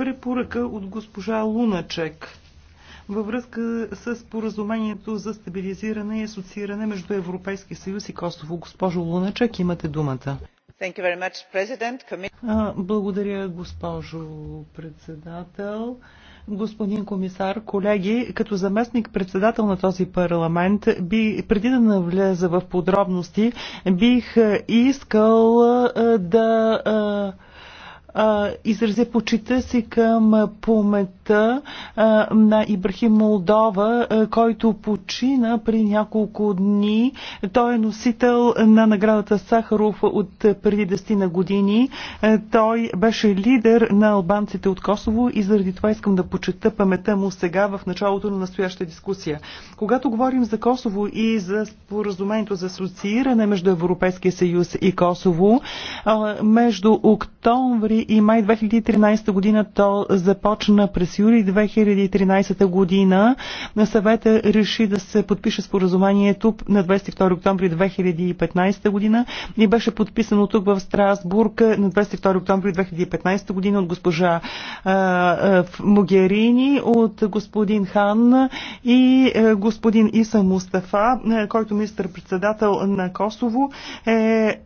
препоръка от госпожа Луначек във връзка с поразумението за стабилизиране и асоцииране между Европейския съюз и Косово. Госпожо Луначек, имате думата. Much, Благодаря, госпожо председател. Господин комисар, колеги, като заместник председател на този парламент, би, преди да навлеза в подробности, бих искал да Изразя почита си към помета на Ибрахим Молдова, който почина при няколко дни. Той е носител на наградата Сахаров от преди 10 на години. Той беше лидер на албанците от Косово и заради това искам да почета памета му сега в началото на настояща дискусия. Когато говорим за Косово и за споразумението за асоцииране между Европейския съюз и Косово, между октомври и май 2013 година. То започна през юли 2013 година. На съвета реши да се подпише споразумението на 22 октомври 2015 година и беше подписано тук в Страсбург на 22 октомври 2015 година от госпожа Могерини, от господин Хан и е, господин Иса Мустафа, е, който министър-председател на Косово е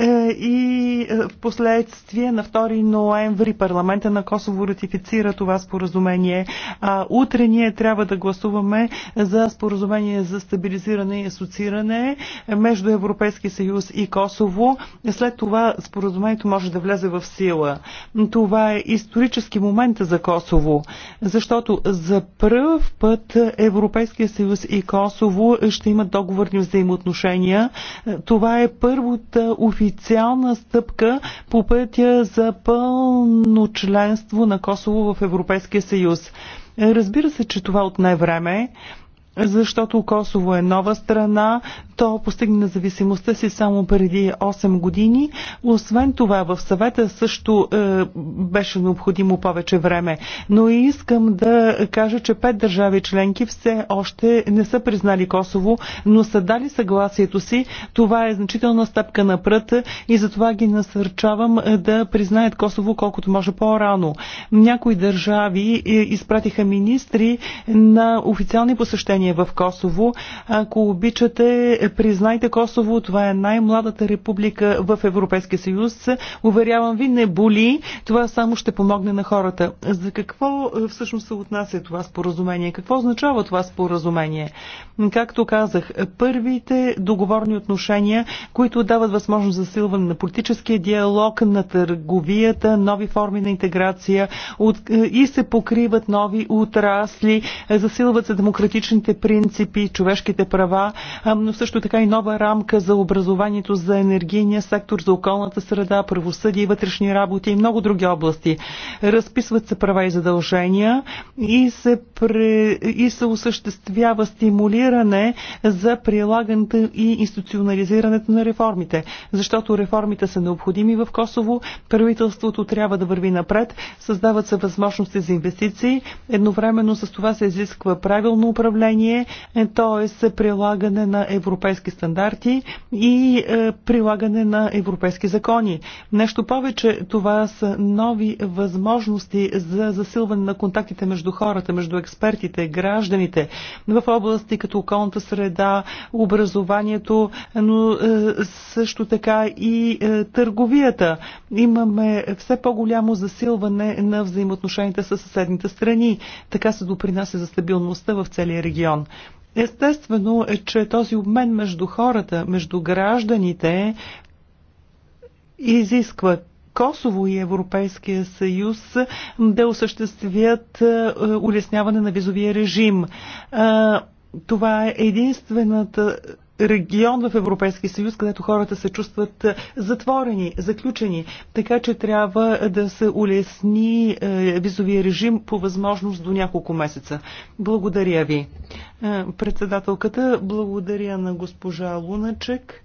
е, и е, в последствие на 2 ноември парламента на Косово ратифицира това споразумение. А утре ние трябва да гласуваме за споразумение за стабилизиране и асоцииране между Европейски съюз и Косово. След това споразумението може да влезе в сила. Това е исторически момент за Косово, защото за първ път Европейския съюз и Косово ще имат договорни взаимоотношения. Е, това е първото официално официална стъпка по пътя за пълно членство на Косово в Европейския съюз. Разбира се, че това отне време защото Косово е нова страна. То постигне независимостта си само преди 8 години. Освен това, в съвета също е, беше необходимо повече време. Но и искам да кажа, че пет държави членки все още не са признали Косово, но са дали съгласието си. Това е значителна стъпка напред и затова ги насърчавам е, да признаят Косово колкото може по-рано. Някои държави е, изпратиха министри на официални посещения положение в Косово. Ако обичате, признайте Косово, това е най-младата република в Европейския съюз. Уверявам ви, не боли. Това само ще помогне на хората. За какво е, всъщност се отнася това споразумение? Какво означава това споразумение? Както казах, първите договорни отношения, които дават възможност за силване на политическия диалог, на търговията, нови форми на интеграция от, е, и се покриват нови отрасли, засилват се демократичните човешките принципи, човешките права, но също така и нова рамка за образованието, за енергийния сектор, за околната среда, правосъдие вътрешни работи и много други области. Разписват се права и задължения и се, пре... и се осъществява стимулиране за прилагането и институционализирането на реформите, защото реформите са необходими в Косово, правителството трябва да върви напред, създават се възможности за инвестиции, едновременно с това се изисква правилно управление изпълнение, е, т.е. прилагане на европейски стандарти и е, прилагане на европейски закони. Нещо повече, това са нови възможности за засилване на контактите между хората, между експертите, гражданите в области като околната среда, образованието, но е, също така и търговията. Имаме все по-голямо засилване на взаимоотношенията с съседните страни. Така се допринася за стабилността в целия регион район. Естествено е, че този обмен между хората, между гражданите изисква Косово и Европейския съюз да осъществят е, улесняване на визовия режим. Е, това е единствената регион в Европейския съюз, където хората се чувстват е, затворени, заключени. Така че трябва да се улесни е, визовия режим по възможност до няколко месеца. Благодаря ви. Е, председателката, благодаря на госпожа Луначек.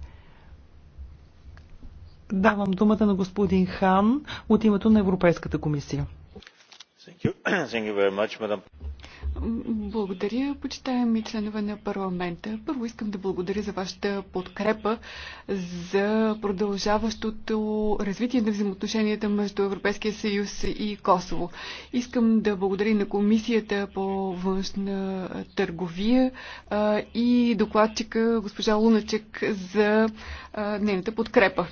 Давам думата на господин Хан от името на Европейската комисия. Thank you. Thank you much, благодаря, почитаеми членове на парламента. Първо искам да благодаря за вашата подкрепа за продължаващото развитие на взаимоотношенията между Европейския съюз и Косово. Искам да благодаря на Комисията по външна търговия и докладчика госпожа Луначек за нейната подкрепа.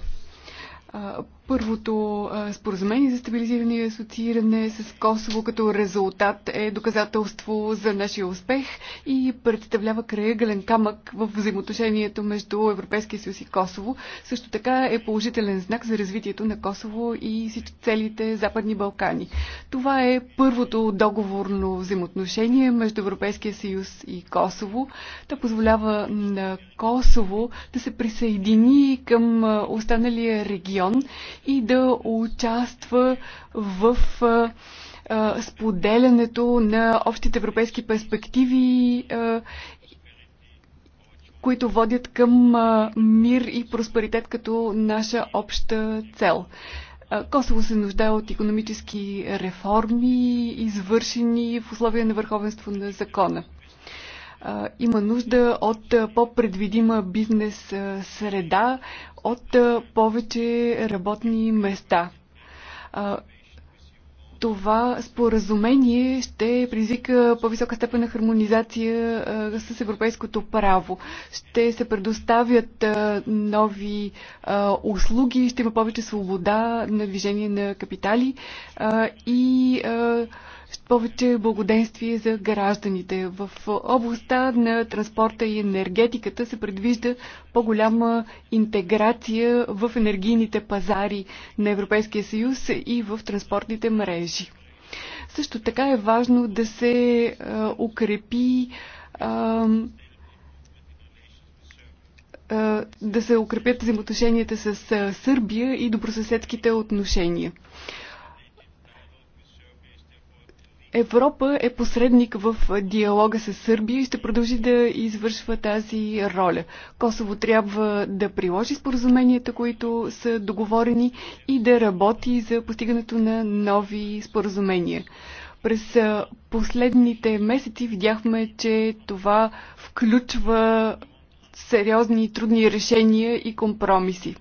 Първото споразумение за стабилизиране и асоцииране с Косово като резултат е доказателство за нашия успех и представлява краегален камък в взаимоотношението между Европейския съюз и Косово. Също така е положителен знак за развитието на Косово и целите Западни Балкани. Това е първото договорно взаимоотношение между Европейския съюз и Косово. Та позволява на Косово да се присъедини към останалия регион район и да участва в споделянето на общите европейски перспективи, които водят към мир и просперитет като наша обща цел. Косово се нуждае от економически реформи, извършени в условия на върховенство на закона има нужда от по-предвидима бизнес среда, от повече работни места. Това споразумение ще призвика по-висока степен на хармонизация с европейското право. Ще се предоставят нови услуги, ще има повече свобода на движение на капитали и повече благоденствие за гражданите. В областта на транспорта и енергетиката се предвижда по-голяма интеграция в енергийните пазари на Европейския съюз и в транспортните мрежи. Също така е важно да се а, укрепи а, а, да се укрепят взаимоотношенията с а, Сърбия и добросъседските отношения. Европа е посредник в диалога с Сърбия и ще продължи да извършва тази роля. Косово трябва да приложи споразуменията, които са договорени и да работи за постигането на нови споразумения. През последните месеци видяхме, че това включва сериозни и трудни решения и компромиси.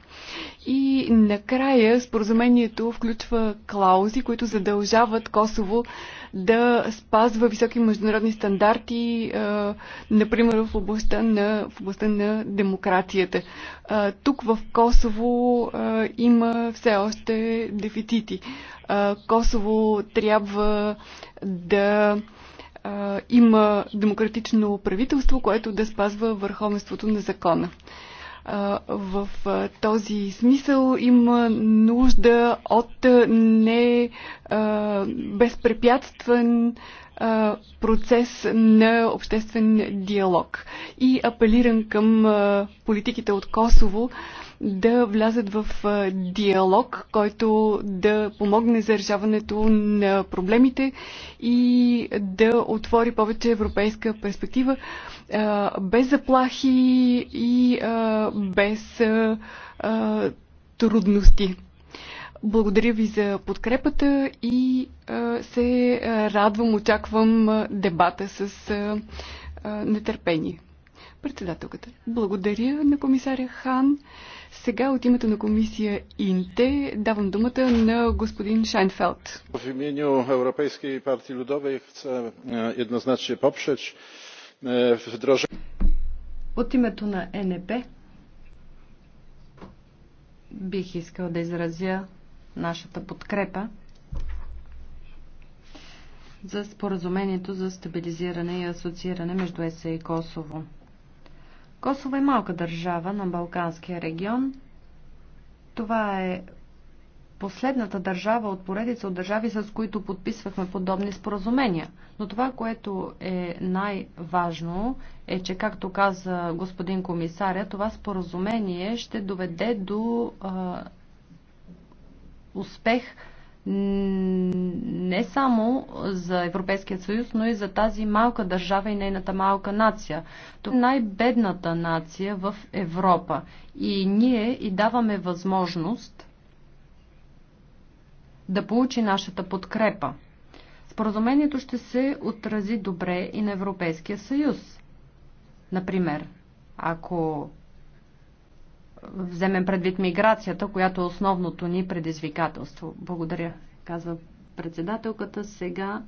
И накрая споразумението включва клаузи, които задължават Косово да спазва високи международни стандарти, например в областта на, в областта на демокрацията. тук в Косово има все още дефицити. Косово трябва да а, има демократично правителство, което да спазва върховенството на закона. А, в а, този смисъл има нужда от не а, безпрепятствен процес на обществен диалог. И апелирам към политиките от Косово да влязат в диалог, който да помогне за решаването на проблемите и да отвори повече европейска перспектива без заплахи и без трудности. Благодаря ви за подкрепата и се радвам, очаквам дебата с нетърпение. Председателката. Благодаря на комисаря Хан. Сега от името на комисия Инте давам думата на господин Шайнфелд. В Европейски партии Людове хоча е, еднозначно jednoznacznie е, в дрожа... От името на НП бих искал да изразя нашата подкрепа за споразумението за стабилизиране и асоцииране между ЕСА и Косово. Косово е малка държава на Балканския регион. Това е последната държава от поредица от държави, с които подписвахме подобни споразумения. Но това, което е най-важно, е, че, както каза господин комисаря, това споразумение ще доведе до а, успех не само за Европейския съюз, но и за тази малка държава и нейната малка нация. Това е най-бедната нация в Европа. И ние и даваме възможност да получи нашата подкрепа. Споразумението ще се отрази добре и на Европейския съюз. Например, ако вземем предвид миграцията, която е основното ни предизвикателство. Благодаря, казва председателката. Сега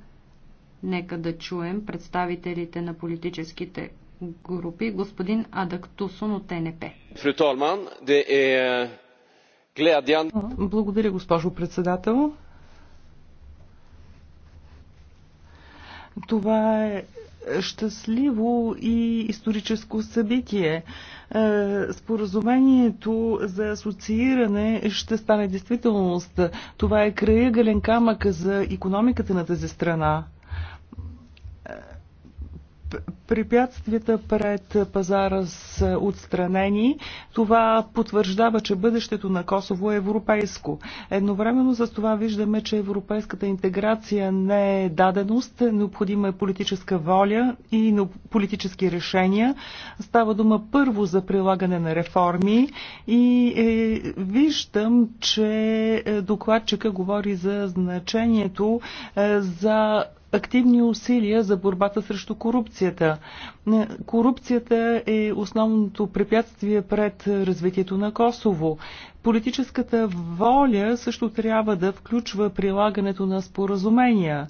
нека да чуем представителите на политическите групи. Господин Адактусон от НП. е Благодаря, госпожо председател. Това е щастливо и историческо събитие. Е, споразумението за асоцииране ще стане действителност. Това е краегален камък за економиката на тази страна. Е, препятствията пред пазара са отстранени. Това потвърждава, че бъдещето на Косово е европейско. Едновременно с това виждаме, че европейската интеграция не е даденост, необходима е политическа воля и политически решения. Става дума първо за прилагане на реформи и е, виждам, че е, докладчика говори за значението е, за активни усилия за борбата срещу корупцията. Корупцията е основното препятствие пред развитието на Косово. Политическата воля също трябва да включва прилагането на споразумения.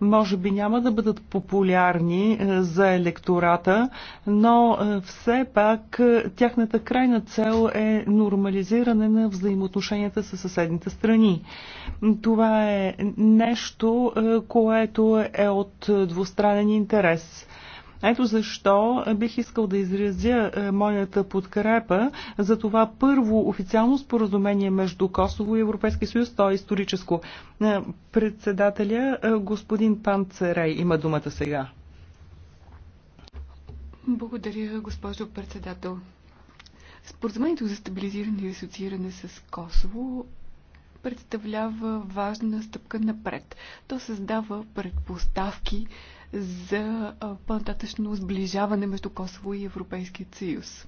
Може би няма да бъдат популярни е, за електората, но е, все пак е, тяхната крайна цел е нормализиране на взаимоотношенията с съседните страни. Това е нещо, което е от двустранен интерес. Ето защо бих искал да изразя е, моята подкрепа за това първо официално споразумение между Косово и Европейски съюз. То е историческо. Е, председателя е, господин Пан Церей, има думата сега. Благодаря, госпожо председател. Споразумението за стабилизиране и асоцииране с Косово представлява важна стъпка напред. То създава предпоставки за по-нататъчно сближаване между Косово и Европейският съюз.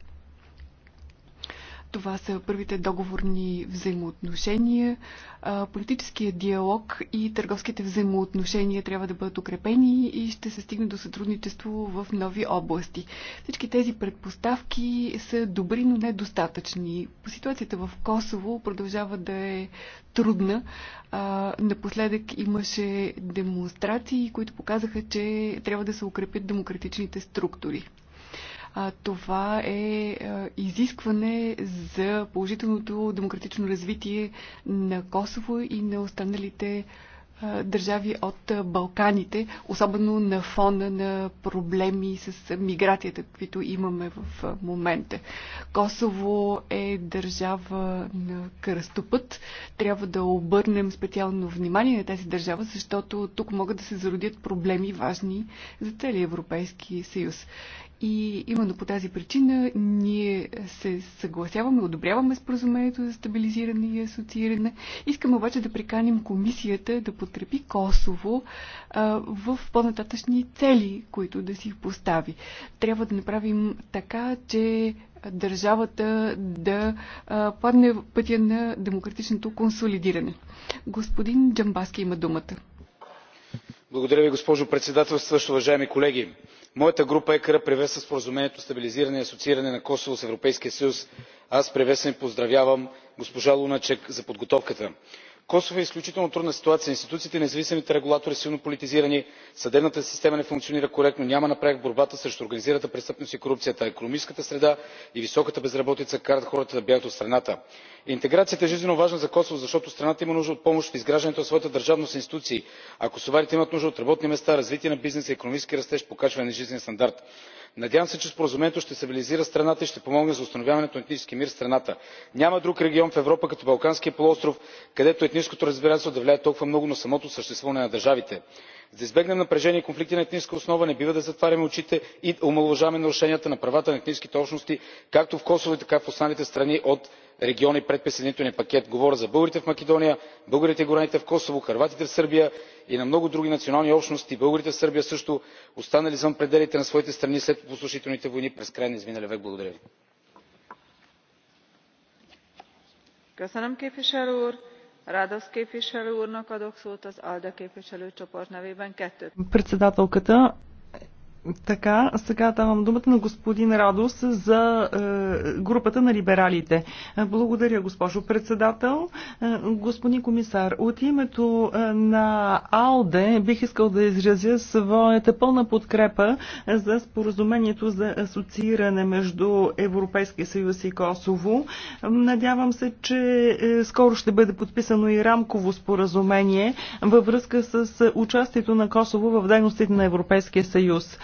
Това са първите договорни взаимоотношения. Политическия диалог и търговските взаимоотношения трябва да бъдат укрепени и ще се стигне до сътрудничество в нови области. Всички тези предпоставки са добри, но недостатъчни. Ситуацията в Косово продължава да е трудна. Напоследък имаше демонстрации, които показаха, че трябва да се укрепят демократичните структури. А, това е а, изискване за положителното демократично развитие на Косово и на останалите а, държави от Балканите, особено на фона на проблеми с миграцията, каквито имаме в момента. Косово е държава на кръстопът. Трябва да обърнем специално внимание на тази държава, защото тук могат да се зародят проблеми важни за целия Европейски съюз. И именно по тази причина ние се съгласяваме, одобряваме споразумението за стабилизиране и асоцииране. Искаме обаче да приканим комисията да подкрепи Косово а, в по-нататъчни цели, които да си постави. Трябва да направим така, че държавата да а, падне пътя на демократичното консолидиране. Господин Джамбаски има думата. Благодаря ви, госпожо председателстваща уважаеми колеги! моята група екр приветства споразумението за стабилизиране и асоцииране на косово с европейския съюз. аз приветствам и поздравявам госпожа Луначек за подготовката косово е в изключително трудна ситуация институциите и независимите регулатори са силно политизирани съдебната система не функционира коректно няма напредък в борбата срещу организираната престъпност и корупцията а икономическата среда и високата безработица карат хората да бягат от страната. интеграцията е жизненоважна за косово защото страната има нужда от помощ в изграждането на своята държавност и институции а косоварите имат нужда от работни места развитие на бизнеса икономически растеж покачване на жизнения стандарт надявам се че споразумението ще стабилизира страната и ще помогне за установяването на етнически мир в страната. няма друг регион в европа като балканския полуостров където етническото разбирателство да влияе толкова много на самото съществуване на държавите. за да избегнем напрежение и конфликти на етническа основа не бива да затваряме очите и да омаловажаваме нарушенията на правата на етническите общности както в косово така и в останалите страни от региони в предприсъединителния пакет говоря за българите в македония българите и гораните в косово хърватите в сърбия и на много други национални общности българите в сърбия също останали извън пределите на своите страни след опустошителните войни през края на изминалия век. благодаря ви. председателката така, сега давам думата на господин Радос за е, групата на либералите. Е, благодаря, госпожо председател. Е, господин комисар, от името е, на АЛДЕ бих искал да изразя своята пълна подкрепа е, за споразумението за асоцииране между Европейския съюз и Косово. Надявам се, че скоро ще бъде подписано и рамково споразумение във връзка с участието на Косово в дейностите на Европейския съюз.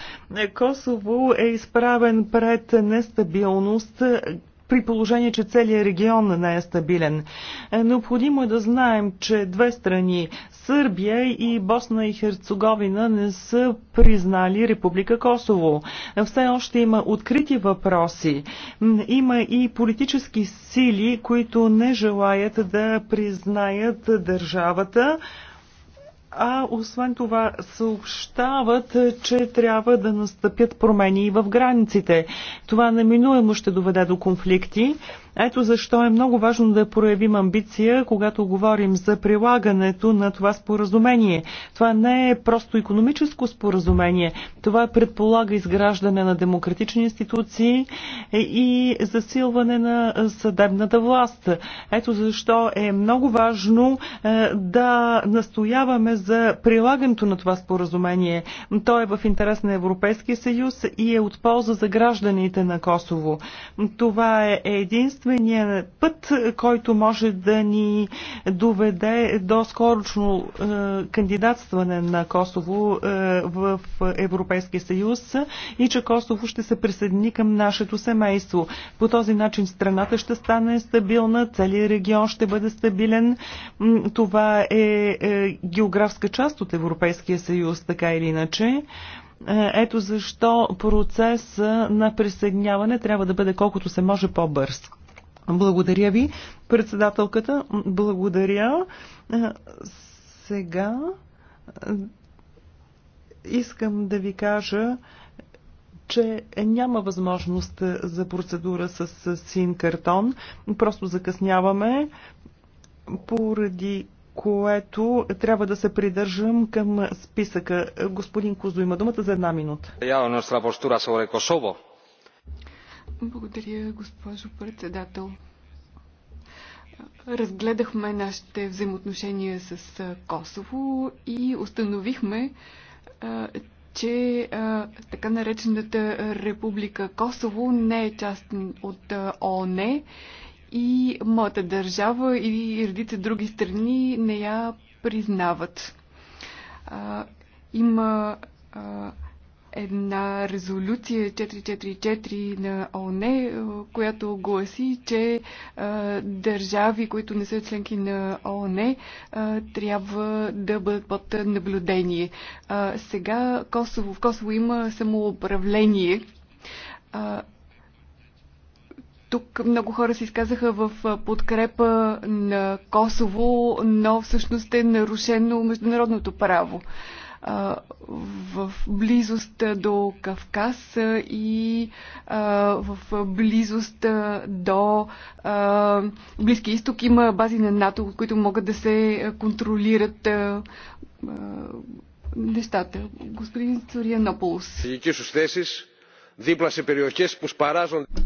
Косово е изправен пред нестабилност, при положение, че целият регион не е стабилен. Е, необходимо е да знаем, че две страни, Сърбия и Босна и Херцеговина, не са признали Република Косово. Все още има открити въпроси. Има и политически сили, които не желаят да признаят държавата, а освен това съобщават, че трябва да настъпят промени и в границите. Това неминуемо ще доведе до конфликти. Ето защо е много важно да проявим амбиция, когато говорим за прилагането на това споразумение. Това не е просто економическо споразумение. Това предполага изграждане на демократични институции е, и засилване на съдебната власт. Ето защо е много важно е, да настояваме за прилагането на това споразумение. То е в интерес на Европейския съюз и е от полза за гражданите на Косово. Това е единствено единствения път, който може да ни доведе до скорочно е, кандидатстване на Косово е, в Европейския съюз и че Косово ще се присъедини към нашето семейство. По този начин страната ще стане стабилна, целият регион ще бъде стабилен. Това е, е географска част от Европейския съюз, така или иначе. Ето защо процес на присъединяване трябва да бъде колкото се може по-бърз. Благодаря ви, председателката. Благодаря. Сега искам да ви кажа, че няма възможност за процедура с син картон. Просто закъсняваме, поради което трябва да се придържам към списъка. Господин Кузо има думата за една минута. Явно nostra postura е sobre благодаря, госпожо председател. Разгледахме нашите взаимоотношения с Косово и установихме, че така наречената Република Косово не е част от ООН и моята държава и редите други страни не я признават. Има една резолюция 444 на ООН, е, която гласи, че е, държави, които не са членки на ООН, е, трябва да бъдат под наблюдение. Сега Косово, в Косово има самоуправление. Тук много хора се изказаха в подкрепа на Косово, но всъщност е нарушено международното право в близост до Кавказ и в близост до Близки изток има бази на НАТО, които могат да се контролират нещата. Господин Цорианополос.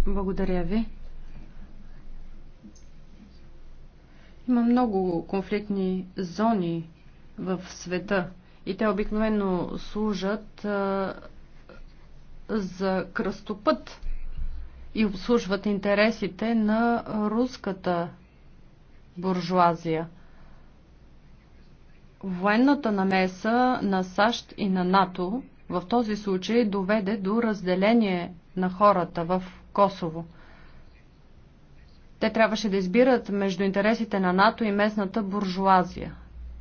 Благодаря ви. Има много конфликтни зони в света. И те обикновено служат а, за кръстопът и обслужват интересите на руската буржуазия. Военната намеса на САЩ и на НАТО в този случай доведе до разделение на хората в Косово. Те трябваше да избират между интересите на НАТО и местната буржуазия.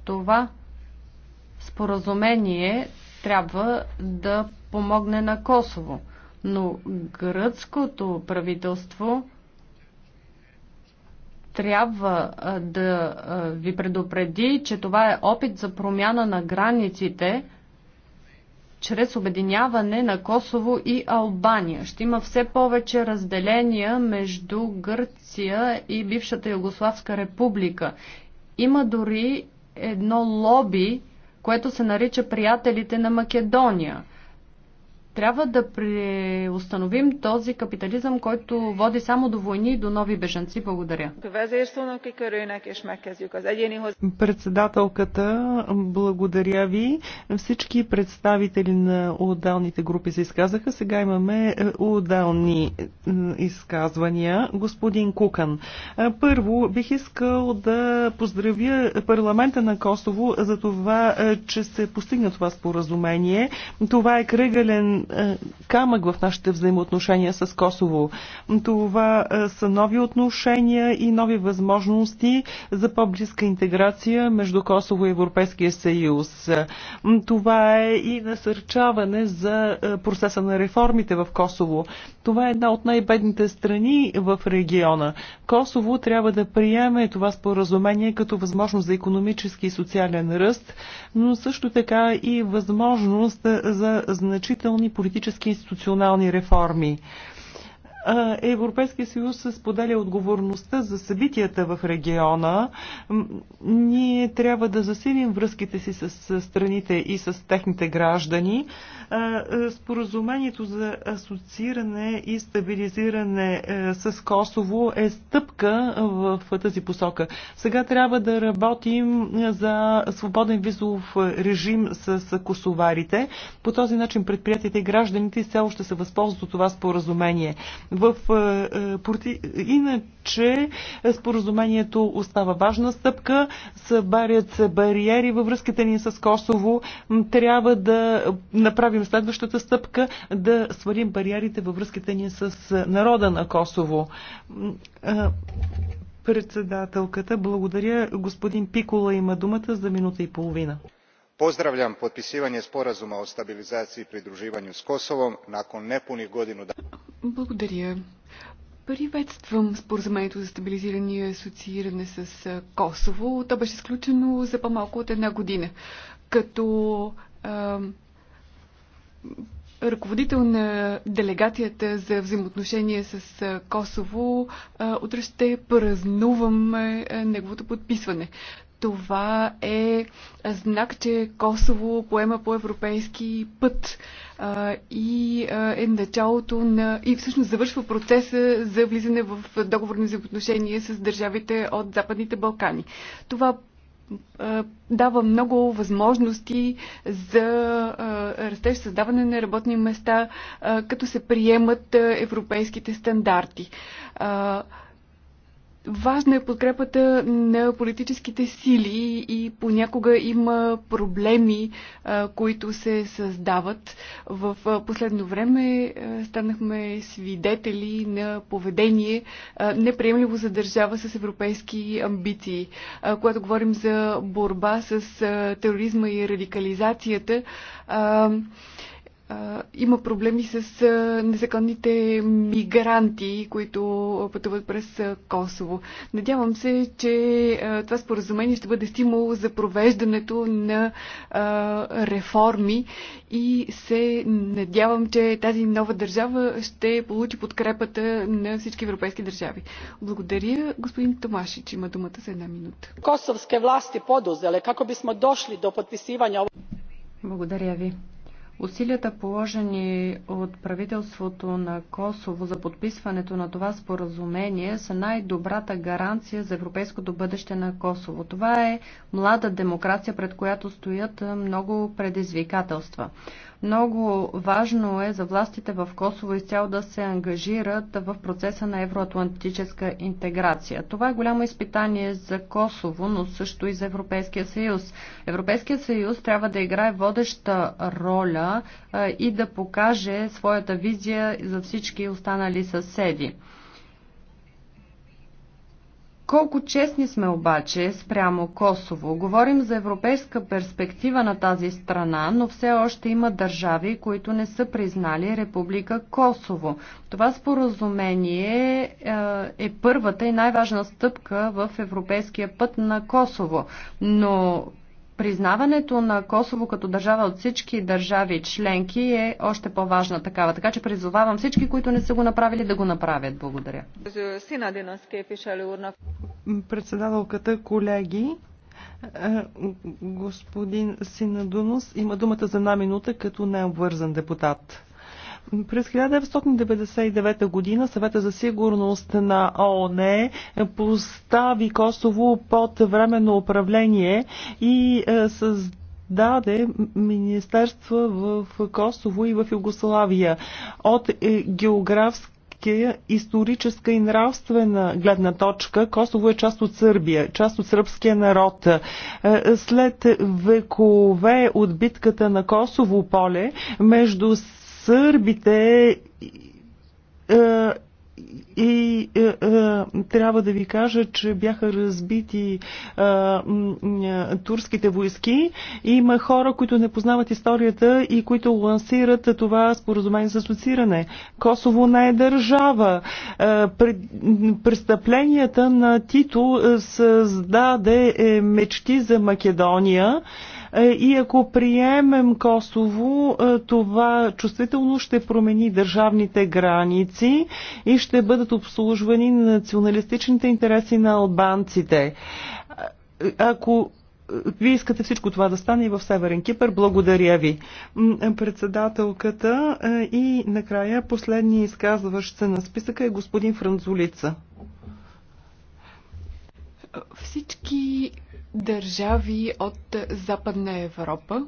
Това споразумение трябва да помогне на Косово. Но гръцкото правителство трябва да ви предупреди, че това е опит за промяна на границите чрез обединяване на Косово и Албания. Ще има все повече разделения между Гърция и бившата Югославска република. Има дори едно лоби което се нарича Приятелите на Македония. Трябва да преустановим този капитализъм, който води само до войни и до нови бежанци. Благодаря. Председателката, благодаря ви. Всички представители на отдалните групи се изказаха. Сега имаме е, отдални е, изказвания. Господин Кукан, е, първо бих искал да поздравя парламента на Косово за това, че се постигна това споразумение. Това е кръгален е, камък в нашите взаимоотношения с Косово. Това е, са нови отношения и нови възможности за по-близка интеграция между Косово и Европейския съюз. Това е и насърчаване за е, процеса на реформите в Косово. Това е една от най-бедните страни в региона. Косово трябва да приеме това споразумение като възможност за економически и социален ръст, но също така и възможност за значителни политически и институционални реформи. Европейския съюз споделя отговорността за събитията в региона. Ние трябва да засилим връзките си с страните и с техните граждани. Споразумението за асоцииране и стабилизиране е, с Косово е стъпка в тази посока. Сега трябва да работим за свободен визов режим с косоварите. По този начин предприятията и гражданите все още се възползват от това споразумение. В, е, е, порти... Иначе споразумението остава важна стъпка, събарят се бариери във връзките ни с Косово. Трябва да направим следващата стъпка, да свалим бариерите във връзките ни с народа на Косово. Е, председателката, благодаря. Господин Пикола има думата за минута и половина pozdravljam potpisivanje sporazuma o stabilizaciji i pridruživanju с kosovom nakon nepunih godinu дана. Благодаря. Приветствам споразумението за стабилизиране и асоцииране с Косово. То беше сключено за по-малко от една година. Като а, ръководител на делегацията за взаимоотношение с Косово, утре ще празнувам неговото подписване. Това е знак, че Косово поема по европейски път а, и е началото на. и всъщност завършва процеса за влизане в договорни взаимоотношения с държавите от Западните Балкани. Това дава много възможности за растеж, създаване на работни места, като се приемат европейските стандарти. Важна е подкрепата на политическите сили и понякога има проблеми, които се създават. В последно време станахме свидетели на поведение неприемливо за държава с европейски амбиции. Когато говорим за борба с тероризма и радикализацията, има проблеми с незаконните мигранти, които пътуват през Косово. Надявам се, че това споразумение ще бъде стимул за провеждането на реформи и се надявам, че тази нова държава ще получи подкрепата на всички европейски държави. Благодаря. Господин Томашич има думата за една минута. Косовске власти подузеле, како бисмо дошли до подписивања... Благодаря ви. Усилията положени от правителството на Косово за подписването на това споразумение са най-добрата гаранция за европейското бъдеще на Косово. Това е млада демокрация, пред която стоят много предизвикателства. Много важно е за властите в Косово изцяло да се ангажират в процеса на евроатлантическа интеграция. Това е голямо изпитание за Косово, но също и за Европейския съюз. Европейския съюз трябва да играе водеща роля и да покаже своята визия за всички останали съседи. Колко честни сме обаче спрямо Косово? Говорим за европейска перспектива на тази страна, но все още има държави, които не са признали Република Косово. Това споразумение е, е първата и най-важна стъпка в европейския път на Косово. Но признаването на Косово като държава от всички държави членки е още по-важна такава. Така че призовавам всички, които не са го направили, да го направят. Благодаря. Председателката, колеги, е, господин Синадунос има думата за една минута като необвързан депутат. През 1999 година съвета за сигурност на ООН постави Косово под временно управление и е, създаде даде министерства в Косово и в Югославия от е, географска, историческа и нравствена гледна точка. Косово е част от Сърбия, част от сръбския народ. Е, след векове от битката на Косово поле между сърбите е, и е, е, трябва да ви кажа, че бяха разбити е, е, турските войски. Има хора, които не познават историята и които лансират това споразумение за асоцииране. Косово не е държава. Е, пред, престъпленията на Тито е, създаде е, мечти за Македония. Е, и ако приемем Косово, е, това чувствително ще промени държавните граници и ще бъдат обслужвани на националистичните интереси на албанците. Е, ако вие искате всичко това да стане и в Северен Кипър. Благодаря ви. Председателката и накрая последния изказващ се на списъка е господин Франзулица. Всички държави от Западна Европа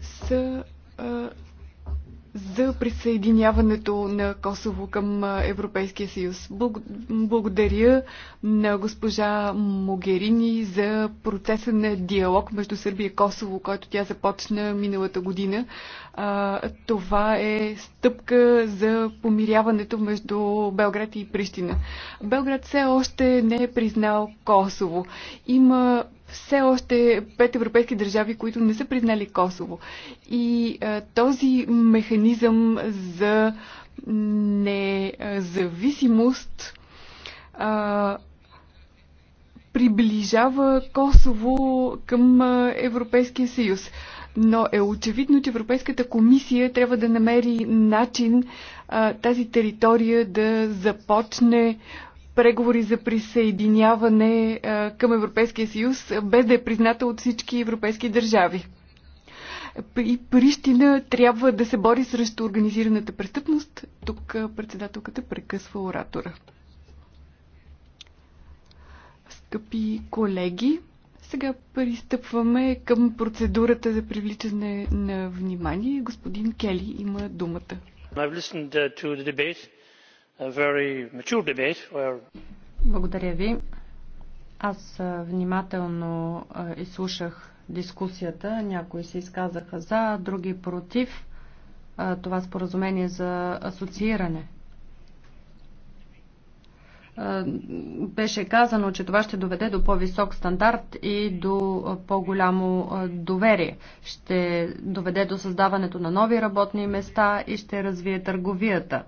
са за присъединяването на Косово към Европейския съюз. Благодаря на госпожа Могерини за процеса на диалог между Сърбия и Косово, който тя започна миналата година. Това е стъпка за помиряването между Белград и Прищина. Белград все още не е признал Косово. Има все още пет европейски държави, които не са признали Косово. И а, е, този механизъм за независимост а, е, приближава Косово към е, Европейския съюз. Но е очевидно, че Европейската комисия трябва да намери начин а, тази територия да започне преговори за присъединяване към Европейския съюз, без да е призната от всички европейски държави. И Прищина трябва да се бори срещу организираната престъпност. Тук председателката прекъсва оратора. Скъпи колеги, сега пристъпваме към процедурата за привличане на внимание. Господин Кели има думата. Uh, благодаря ви. Аз внимателно изслушах дискусията. Някои се изказаха за, други против това споразумение за асоцииране. Беше казано, че това ще доведе до по-висок стандарт и до по-голямо доверие. Ще доведе до създаването на нови работни места и ще развие търговията.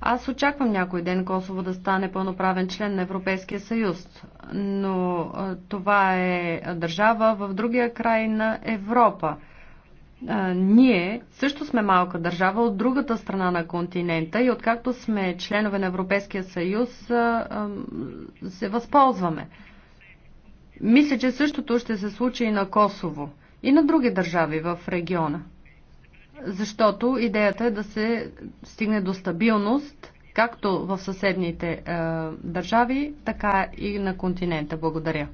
Аз очаквам някой ден Косово да стане пълноправен член на Европейския съюз, но това е държава в другия край на Европа. Ние също сме малка държава от другата страна на континента и откакто сме членове на Европейския съюз се възползваме. Мисля, че същото ще се случи и на Косово и на други държави в региона защото идеята е да се стигне до стабилност както в съседните е, държави, така и на континента. Благодаря.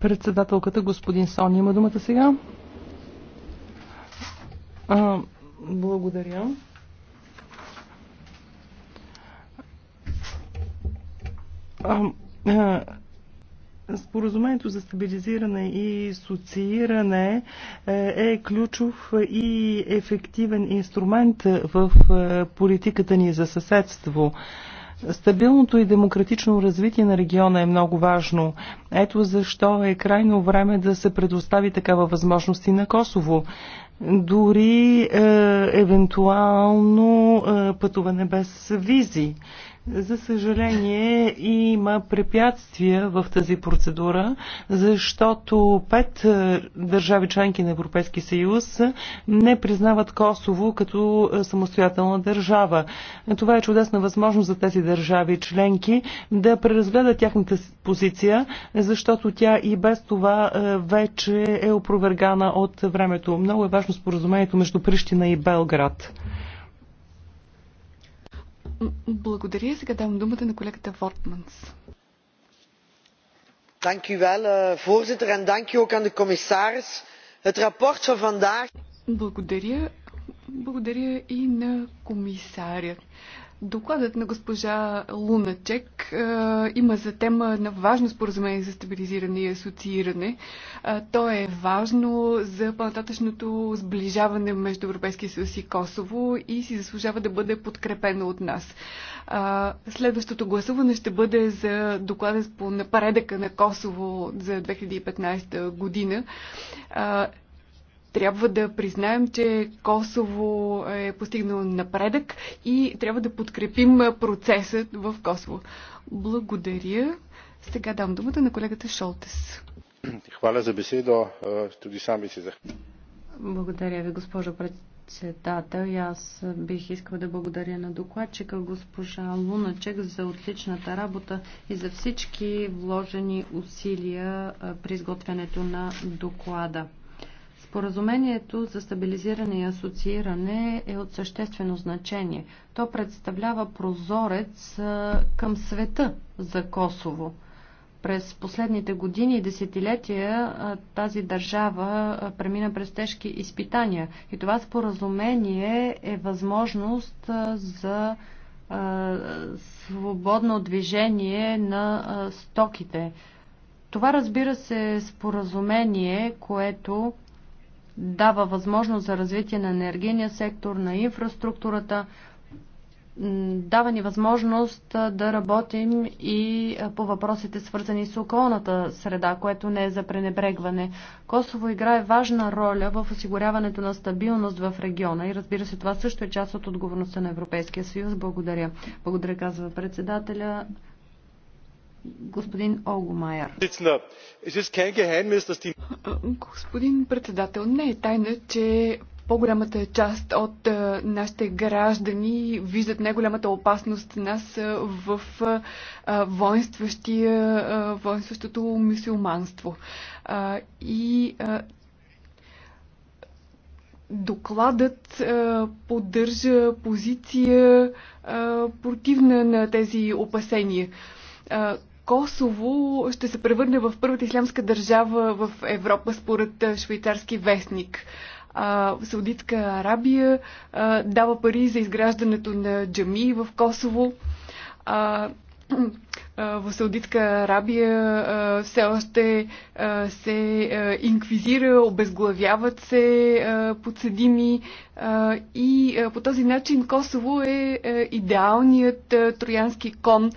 Председателката господин Сони има думата сега. А, благодаря. А, а, Споразумението за стабилизиране и социиране е, е ключов и ефективен инструмент в е, политиката ни за съседство. Стабилното и демократично развитие на региона е много важно. Ето защо е крайно време да се предостави такава възможност и на Косово. Дори е, евентуално е, пътуване без визи. За съжаление има препятствия в тази процедура, защото пет е, държави членки на Европейски съюз не признават Косово като е, самостоятелна държава. Това е чудесна възможност за тези държави членки да преразгледат тяхната позиция, защото тя и без това е, вече е опровергана от времето. Много е важно споразумението между Прищина и Белград. Благодаря. Сега давам думата на колегата Вортманс. Dank u wel, eh, voorzitter, en dank u ook aan de commissaris. Het rapport van vandaag. Благодаря. Благодаря и на комисаря. Докладът на госпожа Луначек а, има за тема на важно споразумение за стабилизиране и асоцииране. А, то е важно за по-нататъчното сближаване между Европейския съюз и Косово и си заслужава да бъде подкрепено от нас. А, следващото гласуване ще бъде за доклада по напредъка на Косово за 2015 година. А, трябва да признаем, че Косово е постигнало напредък и трябва да подкрепим процесът в Косово. Благодаря. Сега дам думата на колегата Шолтес. Хваля за беседо. Е, туди сами си за... Благодаря ви, госпожо председател. И аз бих искал да благодаря на докладчика госпожа Луначек за отличната работа и за всички вложени усилия е, при изготвянето на доклада. Споразумението за стабилизиране и асоцииране е от съществено значение. То представлява прозорец към света за Косово. През последните години и десетилетия тази държава премина през тежки изпитания и това споразумение е възможност за свободно движение на стоките. Това разбира се е споразумение, което дава възможност за развитие на енергийния сектор, на инфраструктурата, дава ни възможност да работим и по въпросите свързани с околната среда, което не е за пренебрегване. Косово играе важна роля в осигуряването на стабилност в региона и разбира се това също е част от отговорността на Европейския съюз. Благодаря. Благодаря, казва председателя господин Олгомайер. Господин председател, не е тайна, че по-голямата част от е, нашите граждани виждат най-голямата опасност нас е, в е, воинстващото мусулманство. И докладът поддържа позиция противна на тези опасения Косово ще се превърне в първата ислямска държава в Европа, според швейцарски вестник. А, Саудитска Арабия а, дава пари за изграждането на джами в Косово. А, в Саудитска Арабия все още се инквизира, обезглавяват се подсъдими и по този начин Косово е идеалният троянски кон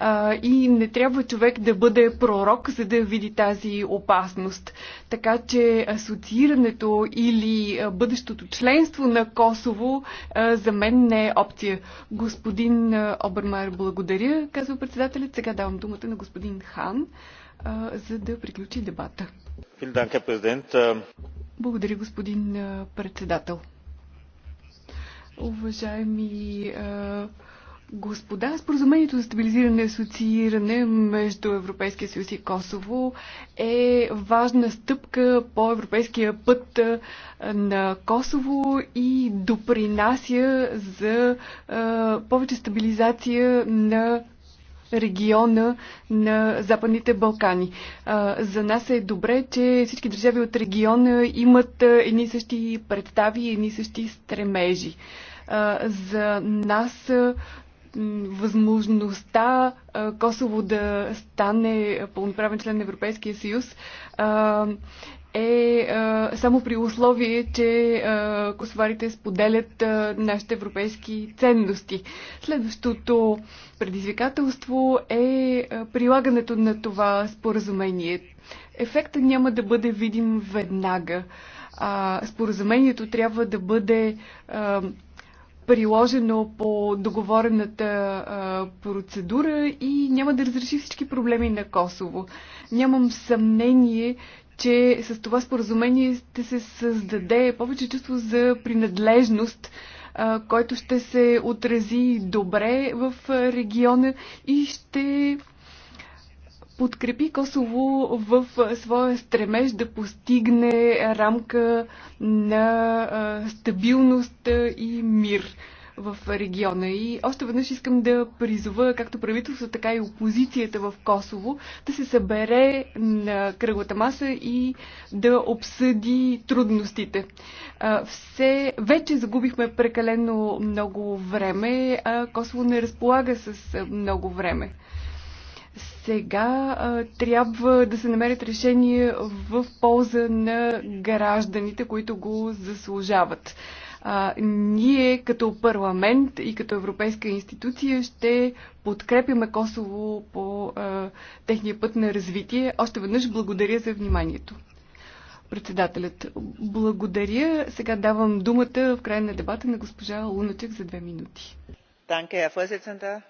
а, и не трябва човек да бъде пророк, за да види тази опасност. Така че асоциирането или бъдещото членство на Косово а, за мен не е опция. Господин Обермайер, благодаря, казва председателят. Сега давам думата на господин Хан, а, за да приключи дебата. Благодаря, господин председател. Уважаеми а, господа, споразумението за стабилизиране и асоцииране между Европейския съюз и Косово е важна стъпка по европейския път на Косово и допринася за повече стабилизация на региона на Западните Балкани. За нас е добре, че всички държави от региона имат едни същи представи и едни същи стремежи за нас възможността Косово да стане пълноправен член на Европейския съюз е само при условие, че косоварите споделят нашите европейски ценности. Следващото предизвикателство е прилагането на това споразумение. Ефектът няма да бъде видим веднага споразумението трябва да бъде приложено по договорената процедура и няма да разреши всички проблеми на Косово. Нямам съмнение, че с това споразумение ще се създаде повече чувство за принадлежност, който ще се отрази добре в региона и ще подкрепи Косово в своя стремеж да постигне рамка на стабилност и мир в региона. И още веднъж искам да призова както правителството, така и опозицията в Косово да се събере на кръглата маса и да обсъди трудностите. Все вече загубихме прекалено много време, а Косово не разполага с много време. Сега а, трябва да се намерят решения в полза на гражданите, които го заслужават. А, ние като парламент и като европейска институция ще подкрепяме Косово по а, техния път на развитие. Още веднъж благодаря за вниманието. Председателят, благодаря. Сега давам думата в края на дебата на госпожа Луначек за две минути. Danke, Herr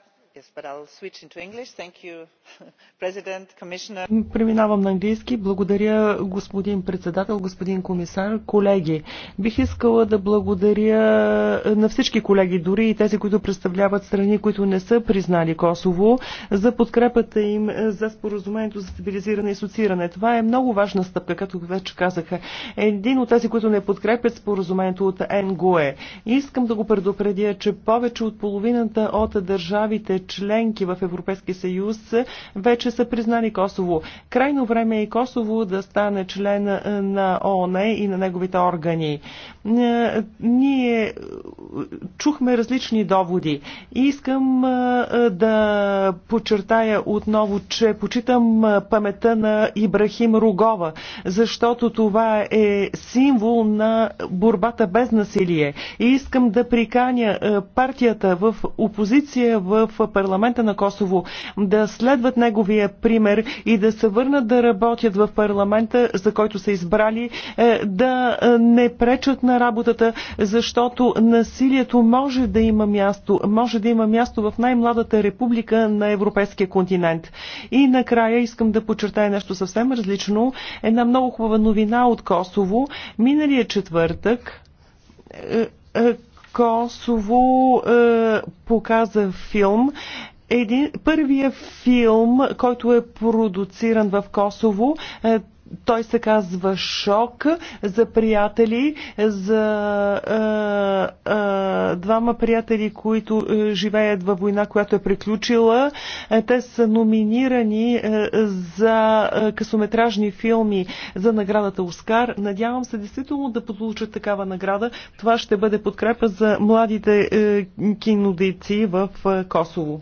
Преминавам на английски. Благодаря, господин председател, господин комисар, колеги. Бих искала да благодаря на всички колеги, дори и тези, които представляват страни, които не са признали Косово, за подкрепата им за споразумението за стабилизиране и асоцииране. Това е много важна стъпка, като вече казаха. Един от тези, които не подкрепят споразумението от НГОЕ. Искам да го предупредя, че повече от половината от държавите членки в Европейския съюз вече са признали Косово. Крайно време е и Косово да стане член е, на ООН и на неговите органи. Е, ние чухме различни доводи. Искам е, да подчертая отново, че почитам памета на Ибрахим Ругова, защото това е символ на борбата без насилие. И искам да приканя партията в опозиция в парламента на Косово, да следват неговия пример и да се върнат да работят в парламента, за който са избрали, е, да е, не пречат на работата, защото насилието може да има място, може да има място в най-младата република на европейския континент. И накрая искам да подчертая нещо съвсем различно. Една много хубава новина от Косово. Миналия четвъртък е, Косово е, показа филм. Един, първия филм, който е продуциран в Косово, е, той се казва Шок за приятели, за а, е, а, е, двама приятели, които а, е, живеят във война, която е приключила. А, те са номинирани а, за а, късометражни филми за наградата Оскар. Надявам се действително да получат такава награда. Това ще бъде подкрепа за младите кинодейци в а, Косово.